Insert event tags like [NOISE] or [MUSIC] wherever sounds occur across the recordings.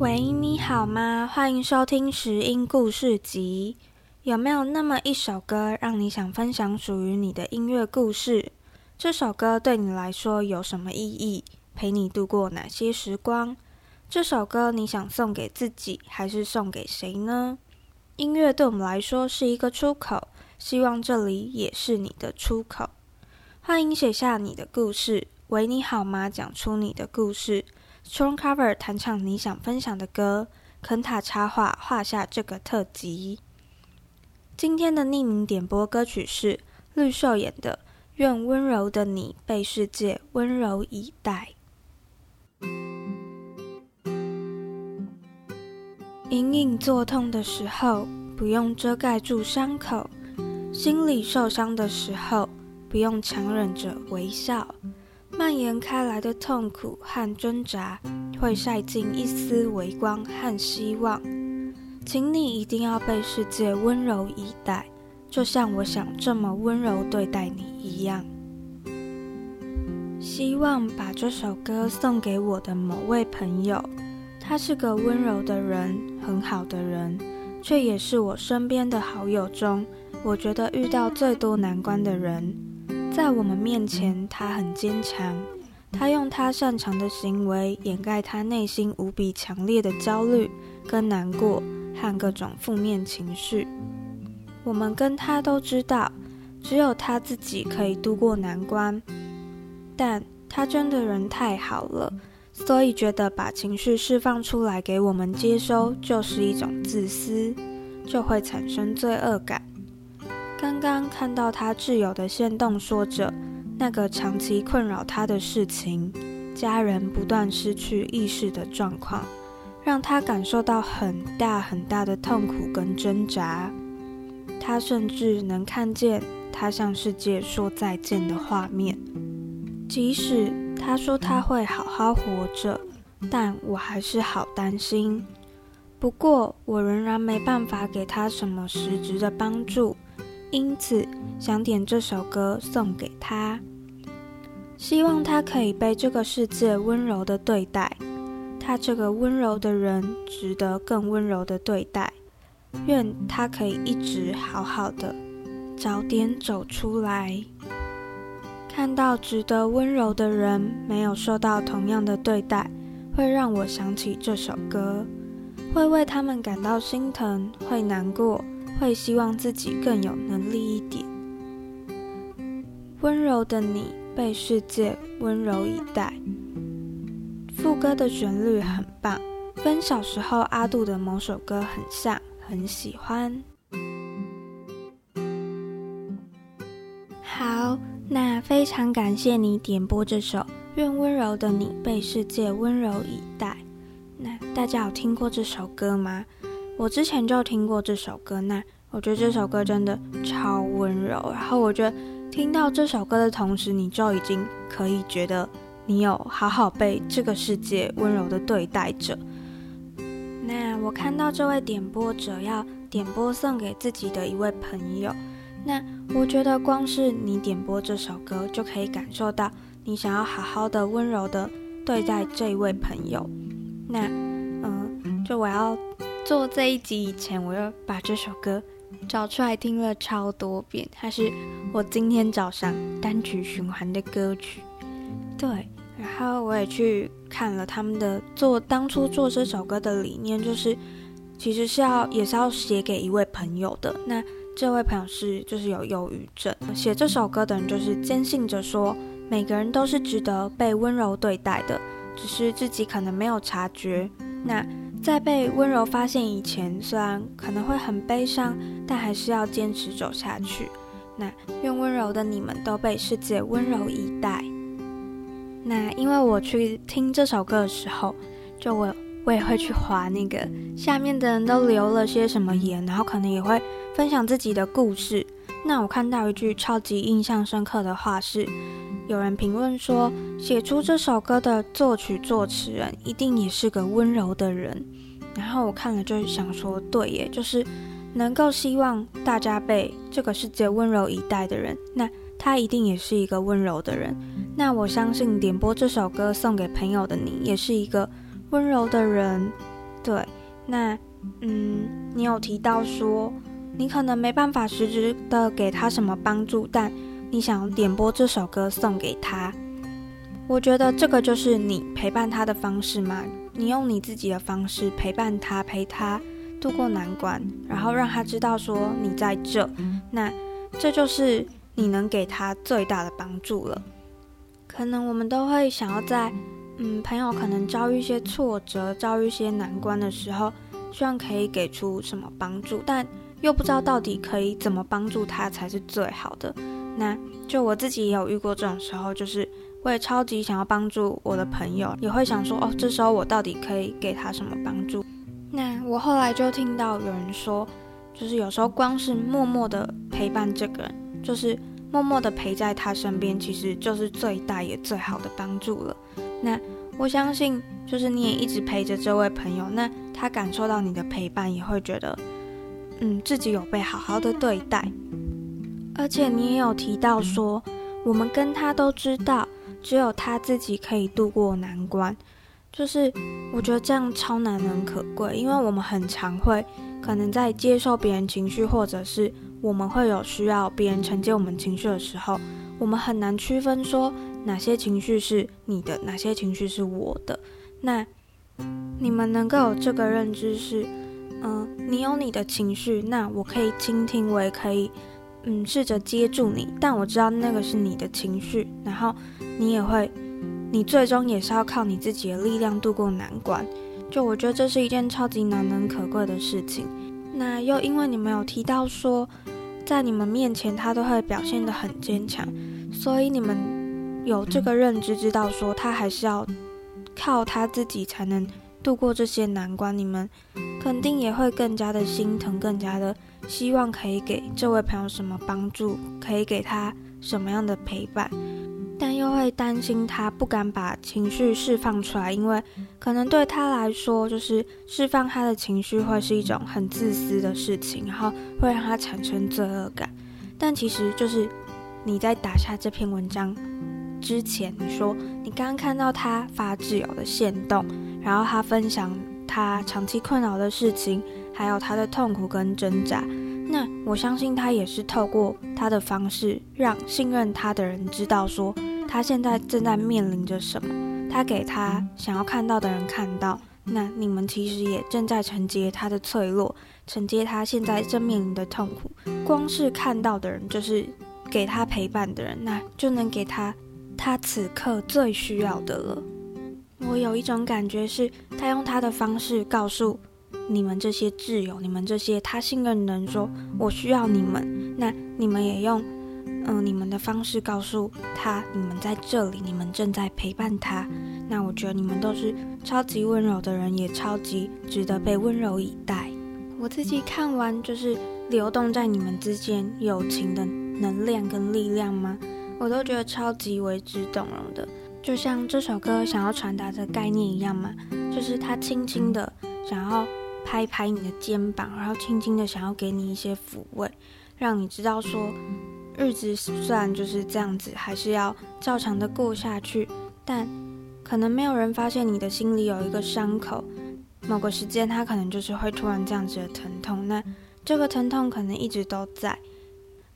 喂，你好嗎？歡迎收聽拾音故事集。有沒有那麼一首歌，讓你想分享屬於你的音樂故事？這首歌對你來說有什麼意義？陪你度過哪些時光？這首歌你想送給自己，還是送給誰呢？音樂對我們來說是一個出口，希望這裡也是你的出口。歡迎寫下你的故事，為你好嗎？講出你的故事。Stone Cover 彈唱你想分享的歌。肯塔插畫畫下這個特輯。今天的匿名點播歌曲是綠繡眼的《願溫柔的你被世界溫柔以待》。隱隱作痛的時候，不用遮蓋住傷口；心裡受傷的時候，不用強忍着微笑。蔓延開來的痛苦和掙扎，會曬進一絲微光和希望。請你一定要被世界溫柔以待，就像我想這麼溫柔對待你一樣。希望把這首歌送給我的某位朋友。他是個溫柔的人，很好的人，卻也是我身邊的好友中，我覺得遇到最多難關的人。在我們面前，他很堅強，他用他擅長的行為掩蓋他內心無比強烈的焦慮跟難過和各種負面情緒。我們跟他都知道，只有他自己可以度過難關，但他真的人太好了。所以覺得把情緒釋放出來給我們接收，就是一種自私，就會產生罪惡感。剛剛看到他摯友的行動，說着那個長期困擾他的事情，家人不斷失去意識的狀況，讓他感受到很大很大的痛苦跟掙扎。他甚至能看見他向世界說再見的畫面，即使。他說他會好好活着，但我還是好擔心。不過我仍然沒辦法給他什麼實質的幫助，因此想點這首歌送給他，希望他可以被這個世界溫柔的對待。他這個溫柔的人，值得更溫柔的對待。願他可以一直好好的，早點走出來。看到值得溫柔的人沒有受到同樣的對待，會讓我想起這首歌，會為他們感到心疼，會難過，會希望自己更有能力一點。願溫柔的你被世界溫柔以待。副歌的旋律很棒，跟小時候阿杜的某首歌很像，很喜歡。非常感謝你點播這首《願溫柔的你被世界溫柔以待》。那大家有聽過這首歌嗎？我之前就聽過這首歌，那我覺得這首歌真的超溫柔。然後我覺得聽到這首歌的同時，你就已經可以覺得你有好好被這個世界溫柔的對待着。那我看到這位點播者要點播送給自己的一位朋友。那我覺得光是你點播這首歌，就可以感受到你想要好好的、溫柔的對待這一位朋友。那，嗯，就我要做這一集以前，我要把這首歌找出來聽了超多遍，它是我今天早上單曲循環的歌曲。對，然後我也去看了他們的做當初做這首歌的理念，就是其實是要也是要寫給一位朋友的。那，這位朋友是就是有憂鬱症，寫這首歌的人就是堅信着說，每個人都是值得被溫柔對待的，只是自己可能沒有察覺。那在被溫柔發現以前，雖然可能會很悲傷，但還是要堅持走下去。那願溫柔的你們都被世界溫柔以待。那因為我去聽這首歌的時候，就我我也會去滑那個下面的人都留了些什麼言，然後可能也會。分享自己的故事。那我看到一句超級印象深刻的話是：有人評論說，寫出這首歌的作曲作詞人一定也是個溫柔的人。然後我看了就想說，對耶，就是能夠希望大家被這個世界溫柔以待的人，那他一定也是一個溫柔的人。那我相信點播這首歌送給朋友的你，也是一個溫柔的人。對，那嗯，你有提到說你可能沒辦法實質的給他什麼幫助，但你想要點播這首歌送給他，我覺得這個就是你陪伴他的方式嘛。你用你自己的方式陪伴他，陪他度過難關，然後讓他知道說你在這，那這就是你能給他最大的幫助了。可能我們都會想要在，嗯，朋友可能遭遇一些挫折、遭遇一些難關的時候，希望可以給出什麼幫助，但。又不知道到底可以怎麼幫助他才是最好的，那就我自己也有遇過這種時候，就是我也超級想要幫助我的朋友，也會想說哦，這時候我到底可以給他什麼幫助？那我後來就聽到有人說，就是有時候光是默默的陪伴這個人，就是默默的陪在他身邊，其實就是最大也最好的幫助了。那我相信，就是你也一直陪着這位朋友，那他感受到你的陪伴，也會覺得。嗯，自己有被好好的對待，而且你也有提到說，我們跟他都知道，只有他自己可以度過難關。就是我覺得這樣超難能可貴，因為我們很常會可能在接受別人情緒，或者是我們會有需要別人承接我們情緒的時候，我們很難區分說哪些情緒是你的，哪些情緒是我的。那你們能夠有這個認知是，嗯，你有你的情緒，那我可以傾聽，我也可以，嗯，試着接住你。但我知道那個是你的情緒，然後你也會，你最終也是要靠你自己的力量度過難關。就我覺得這是一件超級難能可貴的事情。那又因為你們有提到說，在你們面前他都會表現得很堅強，所以你們有這個認知，知道說他還是要靠他自己才能。度過這些難關，你們肯定也會更加的心疼，更加的希望可以給這位朋友什麼幫助，可以給他什麼樣的陪伴，但又會擔心他不敢把情緒釋放出來，因為可能對他來說，就是釋放他的情緒會是一種很自私的事情，然後會讓他產生罪惡感。但其實就是你在打下這篇文章之前，你說你剛剛看到他發自有的限動，然後他分享他長期困擾的事情，還有他的痛苦跟掙扎。那我相信他也是透過他的方式，讓信任他的人知道，說他現在正在面臨着什麼。他給他想要看到的人看到。那你們其實也正在承接他的脆弱，承接他現在正面臨的痛苦。光是看到的人，就是給他陪伴的人，那就能給他他此刻最需要的了。我有一種感覺，是他用他的方式告訴你們這些摯友、你們這些他信任的人，說：“我需要你們。”那你們也用，嗯、呃，你們的方式告訴他，你們在這裡，你們正在陪伴他。那我覺得你們都是超級溫柔的人，也超級值得被溫柔以待。我自己看完，就是流動在你們之間友情的能量跟力量嗎？我都覺得超級為之動容的。就像這首歌想要傳達的概念一樣嘛，就是它輕輕地想要拍拍你的肩膀，然後輕輕地想要給你一些撫慰，讓你知道說，日子雖然就是這樣子，還是要照常的過下去。但可能沒有人發現你的心裡有一個傷口，某個時間它可能就是會突然這樣子的疼痛。那這個疼痛可能一直都在。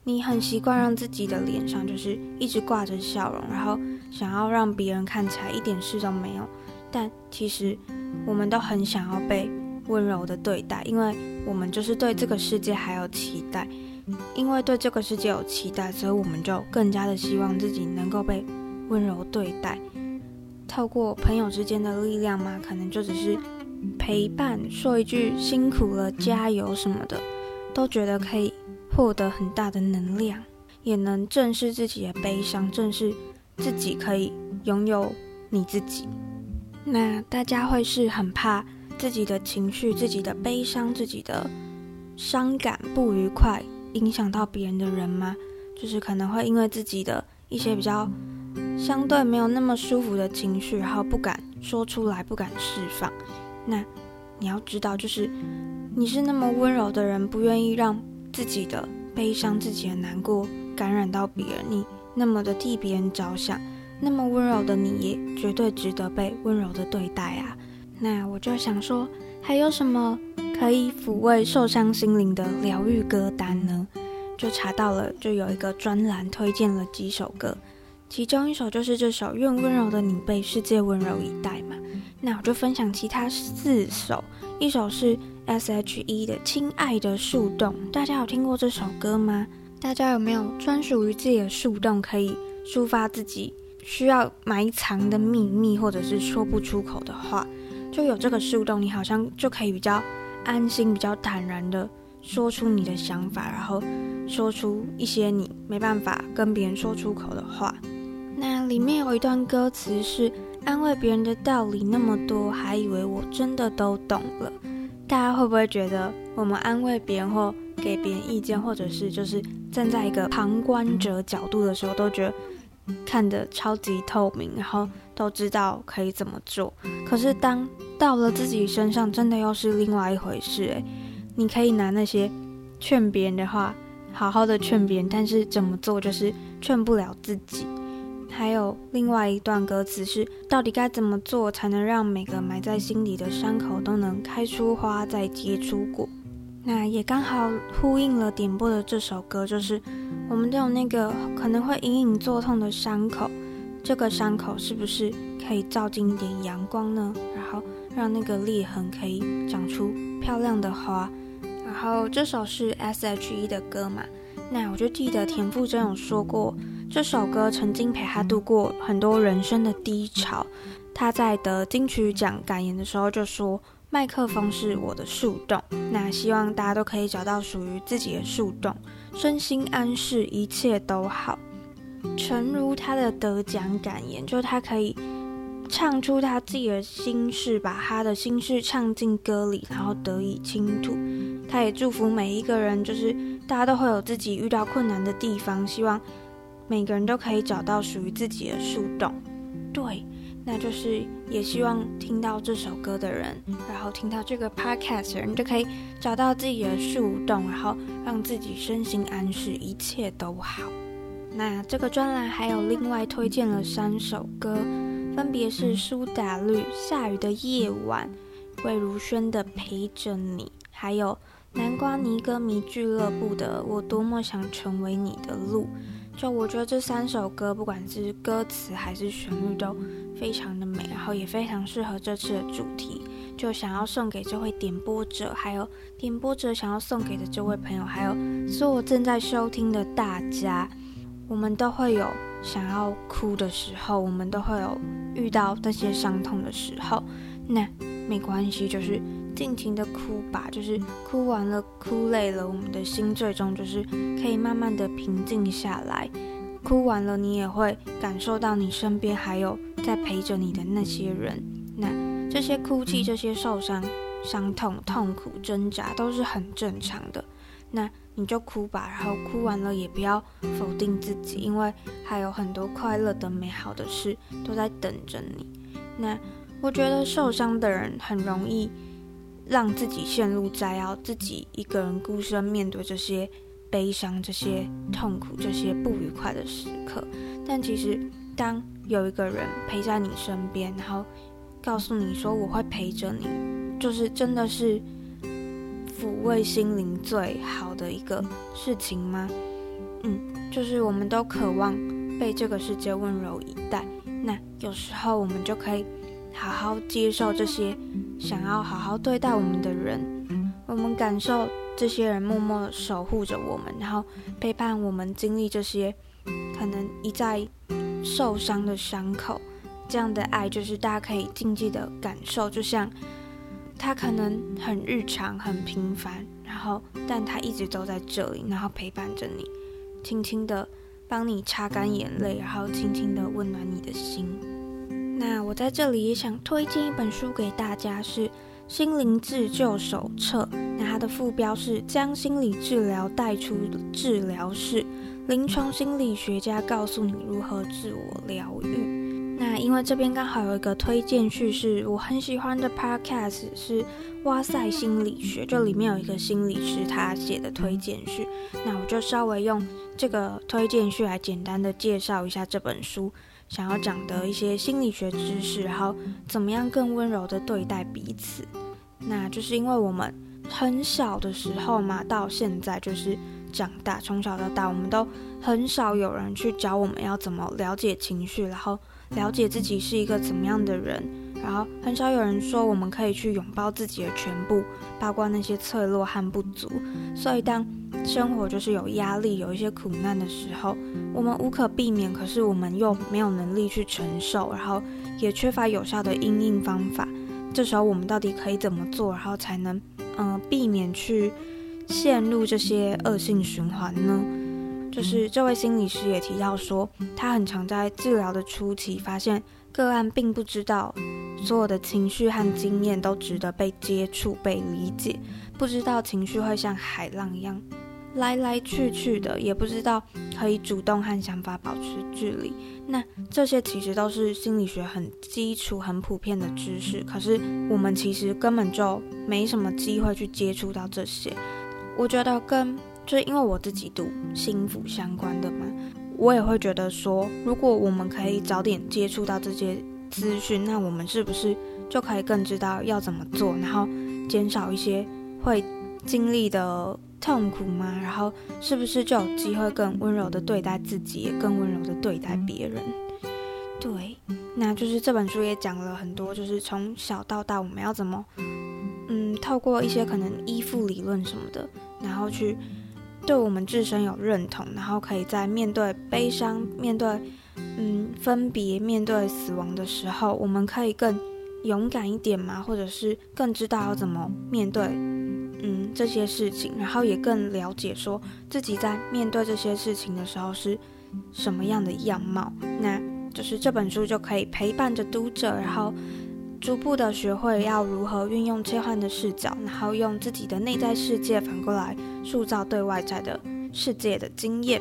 你很習慣讓自己的臉上就是一直掛着笑容，然後想要讓別人看起來一點事都沒有。但其實我們都很想要被溫柔的對待，因為我們就是對這個世界還有期待。因為對這個世界有期待，所以我們就更加的希望自己能夠被溫柔對待。透過朋友之間的力量嘛，可能就只是陪伴，說一句辛苦了、加油什麼的，都覺得可以。獲得很大的能量，也能正視自己的悲傷，正視自己可以擁有你自己。那大家會是很怕自己的情緒、自己的悲傷、自己的傷感、不愉快，影響到別人的人嗎？就是可能會因為自己的一些比較相對沒有那麼舒服的情緒，然後不敢說出來，不敢釋放。那你要知道，就是你是那麼溫柔的人，不願意讓。自己的悲傷，自己的難過感染到別人，你那麼的替別人着想，那麼溫柔的你，也絕對值得被溫柔的對待啊！那我就想說，還有什麼可以撫慰受傷心靈的療癒歌單呢？就查到了，就有一個專欄推薦了幾首歌，其中一首就是這首《願溫柔的你被世界溫柔以待》嘛。那我就分享其他四首，一首是 S.H.E 的《親愛的樹洞》，大家有聽過這首歌嗎？大家有沒有專屬於自己的樹洞，可以抒發自己需要埋藏的秘密，或者是說不出口的話？就有這個樹洞，你好像就可以比較安心、比較坦然的說出你的想法，然後說出一些你沒辦法跟別人說出口的話。那裡面有一段歌詞是。安慰別人的道理那麼多，還以為我真的都懂了。大家會不會覺得，我們安慰別人或給別人意見，或者是就是站在一個旁觀者角度的時候，都覺得看得超級透明，然後都知道可以怎麼做。可是當到了自己身上，真的又是另外一回事欸。誒，你可以拿那些勸別人的話，好好的勸別人，但是怎麼做就是勸不了自己。還有另外一段歌詞是：到底該怎麼做才能讓每個埋在心底的傷口都能開出花，再結出果？那也剛好呼應了點播的這首歌，就是我們都有那個可能會隱隱作痛的傷口，這個傷口是不是可以照進一點陽光呢？然後讓那個裂痕可以長出漂亮的花。然後這首是 SHE 的歌嘛？那我就記得田馥甄有說過。這首歌曾經陪他度過很多人生的低潮。他在得金曲獎感言的時候就說：“麥克風是我的樹洞。”那希望大家都可以找到屬於自己的樹洞，身心安適，一切都好。誠如他的得獎感言，就是他可以唱出他自己的心事，把他的心事唱進歌裡，然後得以傾吐。他也祝福每一個人，就是大家都會有自己遇到困難的地方，希望。每個人都可以找到屬於自己的樹洞，對，那就是也希望聽到這首歌的人，然後聽到這個 podcast 的人，就可以找到自己的樹洞，然後讓自己身心安適，一切都好。那這個專欄還有另外推薦了三首歌，分別是蘇打綠《下雨的夜晚》，魏如萱的《陪着你》，還有南瓜妮歌迷俱樂部的《我多麼想成為你的路》。就我覺得這三首歌，不管是歌詞還是旋律，都非常的美，然後也非常適合這次的主題。就想要送給這位點播者，還有點播者想要送給的這位朋友，還有所有正在收聽的大家，我們都會有想要哭的時候，我們都會有遇到那些傷痛的時候，那沒關係，就是。盡情的哭吧，就是哭完了，哭累了，我們的心最終就是可以慢慢的平靜下來。哭完了，你也會感受到你身邊還有在陪着你的那些人。那這些哭泣、這些受傷、傷痛、痛苦、掙扎都是很正常的。那你就哭吧，然後哭完了也不要否定自己，因為還有很多快樂的、美好的事都在等着你。那我覺得受傷的人很容易讓自己陷入災厄，自己一個人孤身面對這些悲傷、這些痛苦、這些不愉快的時刻。但其實，當有一個人陪在你身邊，然後告訴你說“我會陪着你”，就是真的是撫慰心靈最好的一個事情嗎？嗯，就是我們都渴望被這個世界溫柔以待。那有時候我們就可以。好好接受這些，想要好好對待我們的人，我們感受這些人默默守護着我們，然後陪伴我們經歷這些可能一再受傷的傷口。這樣的愛就是大家可以靜靜的感受，就像他可能很日常、很平凡，然後但他一直都在這裡，然後陪伴着你，輕輕的幫你擦乾眼淚，然後輕輕的溫暖你的心。那我在這裡也想推薦一本書給大家，是《心靈自救手冊》。那它的副標是“將心理治療帶出治療室”，臨床心理學家告訴你如何自我療癒。那因為這邊剛好有一個推薦序，是我很喜歡的 Podcast，是“哇塞心理學”，就裡面有一個心理師他寫的推薦序。那我就稍微用這個推薦序來簡單的介紹一下這本書。想要講的一些心理學知識，然後怎麼樣更溫柔的對待彼此，那就是因為我們很小的時候嘛，到現在就是長大，從小到大，我們都很少有人去教我們要怎麼了解情緒，然後了解自己是一個怎麼樣的人。然後很少有人說我們可以去擁抱自己的全部，包括那些脆弱和不足。所以當生活就是有壓力、有一些苦難的時候，我們無可避免，可是我們又沒有能力去承受，然後也缺乏有效的因應方法。這時候我們到底可以怎麼做，然後才能嗯、呃、避免去陷入這些惡性循環呢？就是這位心理師也提到說，他很常在治療的初期發現。個案並不知道，所有的情緒和經驗都值得被接觸、被理解，不知道情緒會像海浪一樣來來去去的，也不知道可以主動和想法保持距離。那這些其實都是心理學很基礎、很普遍的知識，可是我們其實根本就沒什麼機會去接觸到這些。我覺得跟就因為我自己讀心輔相關的嘛。我也會覺得說，如果我們可以早點接觸到這些資訊，那我們是不是就可以更知道要怎麼做，然後減少一些會經歷的痛苦嗎？然後是不是就有機會更溫柔的對待自己，也更溫柔的對待別人？對，那就是這本書也講了很多，就是從小到大我們要怎麼，嗯，透過一些可能依附理論什麼的，然後去。對我們自身有認同，然後可以在面對悲傷、面對嗯分別、面對死亡的時候，我們可以更勇敢一點嘛，或者是更知道要怎麼面對嗯這些事情，然後也更了解說自己在面對這些事情的時候是什麼樣的樣貌。那就是這本書就可以陪伴着讀者，然後。逐步的學會要如何運用切換的視角，然後用自己的內在世界反過來塑造對外在的世界的經驗。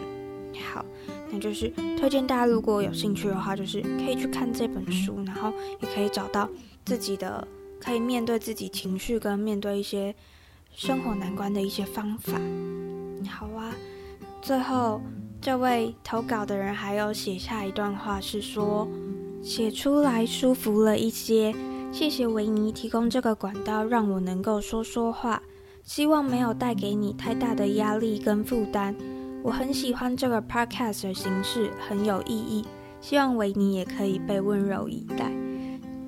好，那就是推薦大家，如果有興趣的話，就是可以去看這本書，然後也可以找到自己的可以面對自己情緒跟面對一些生活難關的一些方法。好啊，最後，這位投稿的人還有寫下一段話，是說寫出來舒服了一些。謝謝維尼提供這個管道，讓我能夠說說話。希望沒有帶給你太大的壓力跟負擔。我很喜歡這個 podcast 的形式，很有意義。希望維尼也可以被溫柔以待。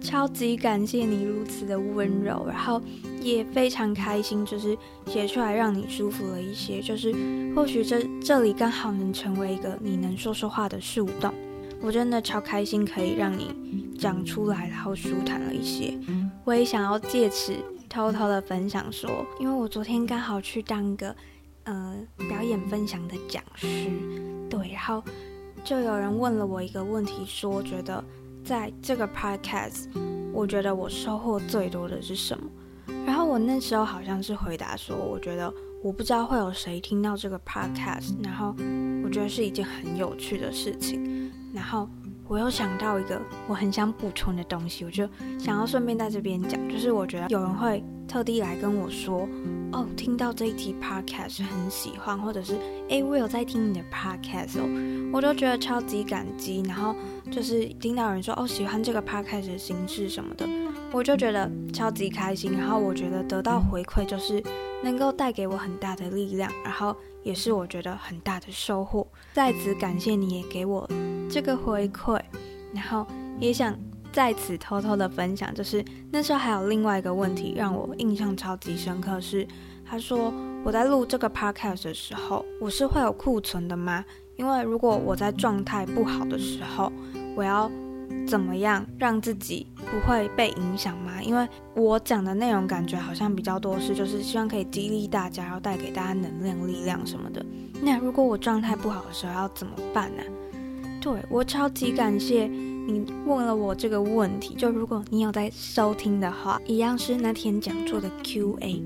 超級感謝你如此的溫柔，然後也非常開心，就是寫出來讓你舒服了一些。就是或許這這裡剛好能成為一個你能說說話的樹洞。我真的超開心，可以讓你講出來，然後舒坦了一些。我也想要借此偷偷的分享說，因為我昨天剛好去當一個，呃，表演分享的講師，對，然後就有人問了我一個問題說，說覺得在這個 podcast，我覺得我收穫最多的是什麼？然後我那時候好像是回答說，我覺得我不知道會有誰聽到這個 podcast，然後我覺得是一件很有趣的事情。然後我又想到一個我很想補充的東西，我就想要順便在這邊講，就是我覺得有人會特地來跟我說，哦，聽到這一題 podcast 很喜歡，或者是誒，我有在聽你的 podcast 哦，我都覺得超級感激。然後就是聽到有人說，哦，喜歡這個 podcast 的形式什麼的。我就覺得超級開心，然後我覺得得到回饋就是能夠帶給我很大的力量，然後也是我覺得很大的收穫。再次感謝你也給我這個回饋，然後也想在此偷偷的分享，就是那時候還有另外一個問題讓我印象超級深刻的是，他說我在錄這個 podcast 的時候，我是會有庫存的嗎？因為如果我在狀態不好的時候，我要。怎麼樣讓自己不會被影響嗎？因為我講的內容感覺好像比較多是，是就是希望可以激勵大家，要帶給大家能量、力量什麼的。那如果我狀態不好的時候要怎麼辦呢、啊？對我超級感謝你問了我這個問題。就如果你有在收聽的話，一樣是那天講座的 Q&A。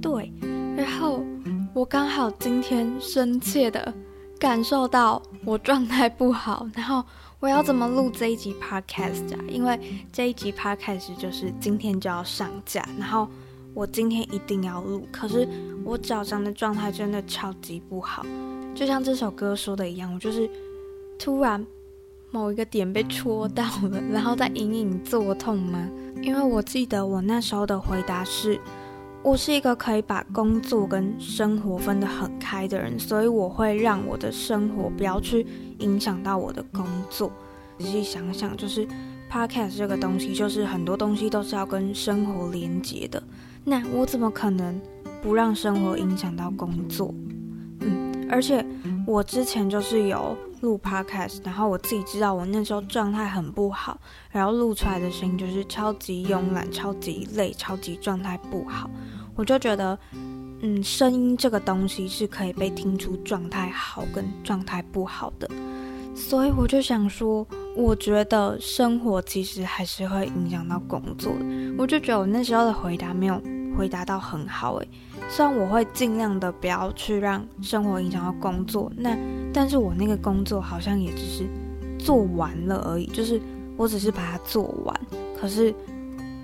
對，然後我剛好今天深切地感受到我狀態不好，然後。我要怎麼錄這一集 podcast 啊？因為這一集 podcast 就是今天就要上架，然後我今天一定要錄。可是我早上的狀態真的超級不好，就像這首歌說的一樣，我就是突然某一個點被戳到了，然後在隱隱作痛嗎？因為我記得我那時候的回答是。我是一個可以把工作跟生活分得很開的人，所以我會讓我的生活不要去影響到我的工作。仔細想想，就是 podcast 這個東西，就是很多東西都是要跟生活連接的，那我怎麼可能不讓生活影響到工作？嗯，而且我之前就是有。錄 podcast，然後我自己知道我那時候狀態很不好，然後錄出來的聲音就是超級慵懶、超級累、超級狀態不好。我就覺得，嗯，聲音這個東西是可以被聽出狀態好跟狀態不好的。所以我就想說，我覺得生活其實還是會影響到工作的。我就覺得我那時候的回答沒有回答到很好誒、欸，雖然我會盡量的不要去讓生活影響到工作，那。但是我那個工作好像也只是做完了而已，就是我只是把它做完。可是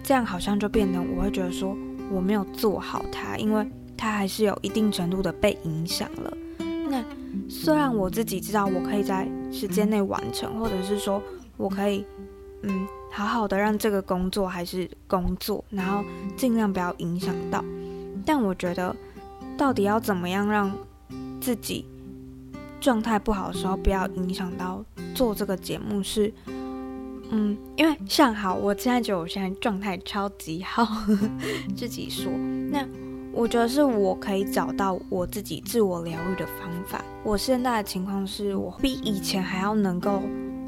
這樣好像就變得我會覺得說我沒有做好它，因為它還是有一定程度的被影響了。那雖然我自己知道我可以在時間內完成，或者是說我可以嗯好好的讓這個工作還是工作，然後盡量不要影響到。但我覺得到底要怎麼樣讓自己？狀態不好的時候，不要影響到做這個節目。是，嗯，因為像好，我現在覺得我現在狀態超級好， [LAUGHS] 自己說。那我覺得是我可以找到我自己自我療癒的方法。我現在的情況是我比以前還要能夠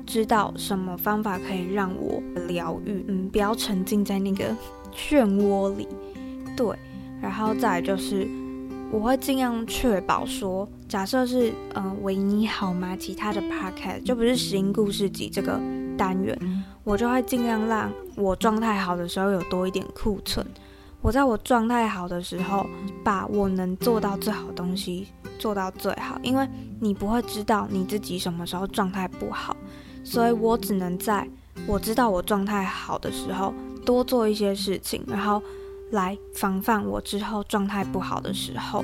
知道什麼方法可以讓我療癒。嗯，不要沉浸在那個漩渦裡。對，然後再就是。我會盡量確保說，假設是嗯、呃，維尼好嗎？其他的 podcast 就不是《拾音故事集》這個單元，我就會盡量讓我狀態好的時候有多一點庫存。我在我狀態好的時候，把我能做到最好的東西做到最好，因為你不會知道你自己什麼時候狀態不好，所以我只能在我知道我狀態好的時候多做一些事情，然後。來防範我之後狀態不好的時候，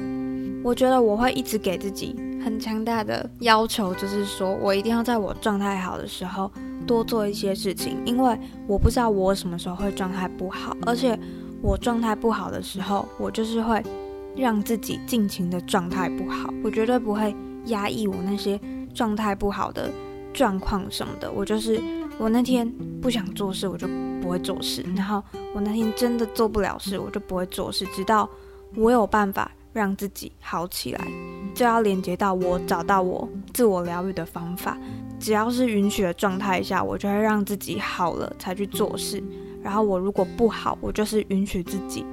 我覺得我會一直給自己很強大的要求，就是說我一定要在我狀態好的時候多做一些事情，因為我不知道我什麼時候會狀態不好，而且我狀態不好的時候，我就是會讓自己盡情的狀態不好，我絕對不會壓抑我那些狀態不好的狀況什麼的，我就是我那天不想做事，我就……不會做事，然後我那天真的做不了事，我就不會做事，直到我有辦法讓自己好起來，就要連接到我找到我自我療癒的方法。只要是允許的狀態下，我就會讓自己好了才去做事。然後我如果不好，我就是允許自己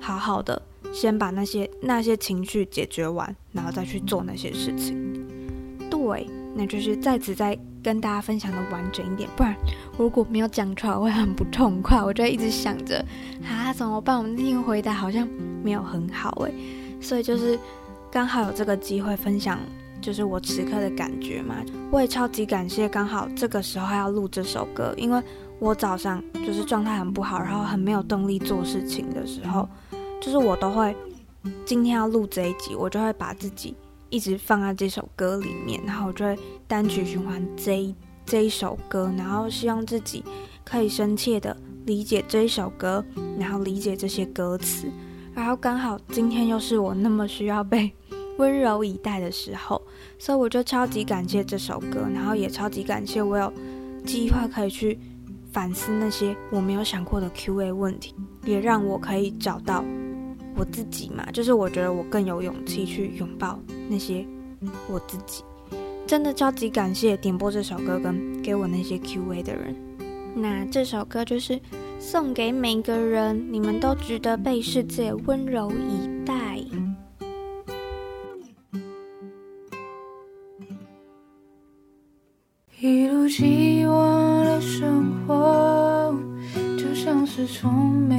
好好的，先把那些那些情緒解決完，然後再去做那些事情。對。那就是在此再跟大家分享的完整一點，不然如果沒有講出來，我會很不痛快，我就一直想着，啊怎麼辦？我們那天回答好像沒有很好誒。所以就是剛好有這個機會分享，就是我此刻的感覺嘛。我也超級感謝剛好這個時候要錄這首歌，因為我早上就是狀態很不好，然後很沒有動力做事情的時候，就是我都會今天要錄這一集，我就會把自己。一直放在這首歌裡面，然後我就會單曲循環這一這一首歌，然後希望自己可以深切的理解這一首歌，然後理解這些歌詞。然後剛好今天又是我那麼需要被溫柔以待的時候，所以我就超級感謝這首歌，然後也超級感謝我有機會可以去反思那些我沒有想過的 Q&A 問題，也讓我可以找到。我自己嘛，就是我覺得我更有勇氣去擁抱那些我自己。真的超級感謝點播這首歌跟給我那些 Q&A 的人。那這首歌就是送給每個人，你們都值得被世界溫柔以待。 [MUSIC] 一如既往的生活，就像是從沒。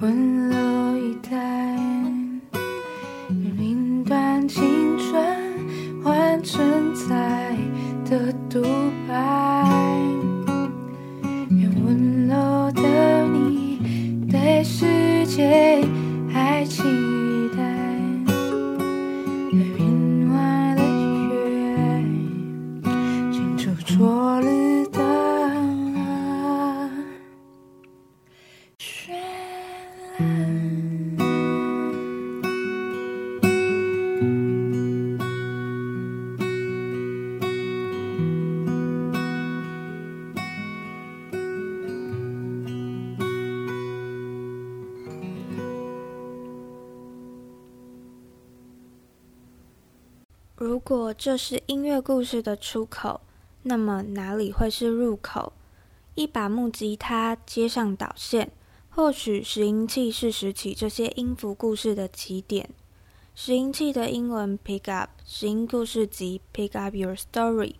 溫柔以待。如果這是音樂故事的出口，那麼哪裡會是入口？一把木吉他接上導線，或許拾音器是拾起這些音符故事的起點。拾音器的英文 pick up，拾音故事集 pick up your story。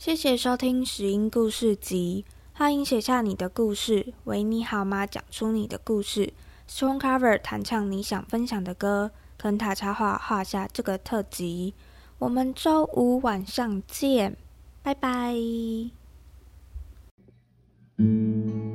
謝謝收聽拾音故事集，歡迎寫下你的故事，維尼好嗎？講出你的故事，Stone Cover 彈唱你想分享的歌，Kenta 插畫，畫下這個特輯。我們周五晚上見，拜拜。嗯